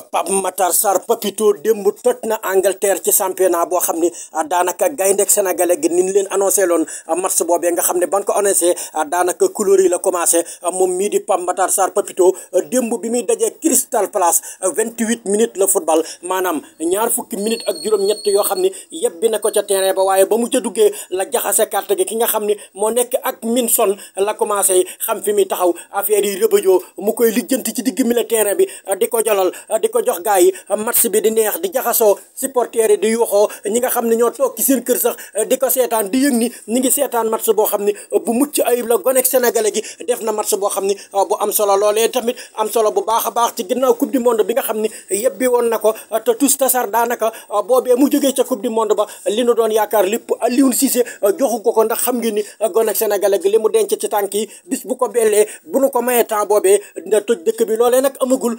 Pape Matar Sarr Papito démb toj na Angleterre ci championnat boo xam ni ah, daanaka gayndeek sénégalais gi ni ñu leen annoncé loon ah, match boobee nga xam ne ban ko annoncé ah, daanaka couleur yi la commencé moom mii di Pape Matar Sarr Papito démb bi muy dajee Crystal Palace vingt-huit minutes la football maanaam ñaar fukki minutes ak juróom-ñett yoo xam ni yebbi na ko ca terrain ba waaye ba mu ca duggee la jaxase carte gi ki nga xam ni moo nekk ak Minson la commencé xam fi muy taxaw affaire yi rëbëjoo mu koy lijjanti ci digg milieu terrain bi di ko jalal di ko jox gars yi match bi di neex di jaxasoo supporters yi di yuuxoo ñi nga xam ne ñoo toog ci seen kër sax di ko seetaan di yëg ni ñi ngi seetaan match boo xam ne bu mucc ayib la gonek sénégalais gi def na match boo xam ne ah, bu am solo loolee tamit am solo bu baax a baax ci ginnaaw coupe monde bi nga xam ne yebbi woon na ko ah, te tous tasar daanaka ah, boobee mu jógee ca coupe du monde ba li nu doon yaakaar lépp Aliou Cissé joxu ko ko ndax xam ngeen ni gonek sénégalais gi li mu denc ci tànk yi bis bu ko bellee bu nu ko mayee temps boobee dina toj dëkk bi loolee nag amagul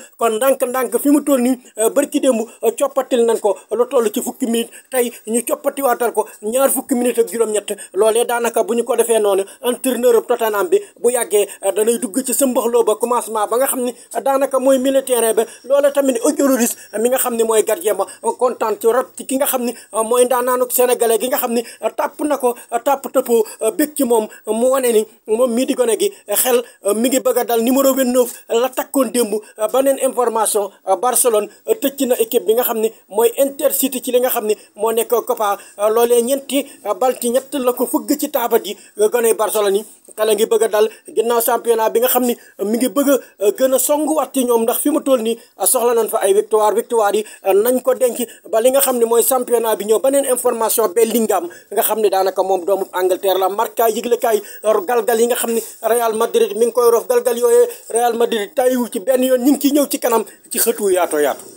mu toll nii euh, barki démb euh, coppatil nañ ko toll ci fukki minute tey ñu coppatiwaatal ko ñaar fukki minute ak juróom-ñett loolee daanaka bu ñu ko defee noonu entraîneur Tottenham bi bu yàggee euh, danay dugg ci sëmbaxloo ba commencement ba nga xam ni daanaka mooy milieu terrain ba loola tamit Hugo Lloris mi nga xam ne mooy gardien ba kontaan ci rab ci ki nga xam ni mooy ndaanaanuk sénégalais gi nga xam ni tàpp na ko tàpp tëppoo bég ci moom mu wane ni moom mii gone gi xel mi ngi bëgg a dal numéro 29 la takkoon démb beneen information Barcelone euh, tëcc na équipe bi nga xam ni mooy Intercity ci li nga xam ni moo nekk Copa euh, loole ñeenti euh, bal ñett la ko fëgg ci taabat yi gone Barcelone yi xel ngi bëgg a dal ginnaaw championnat bi nga xam ni euh, mi ngi bëgg a euh, songu a songuwaat ñoom ndax fi mu toll nii euh, soxla nañ fa ay victoire victoire yi nañ ko denc ba li nga xam ne mooy championnat bi ñëw beneen information Bellingham nga xam ne daanaka moom doomu Angleterre la marka yëglekaay galgal yi nga xam ni Real Madrid mi ngi koy rof galgal yooyee Real Madrid tayiwu ci benn yoon ñu ngi ciy ñëw ci kanam ci xëtu yaato yaatu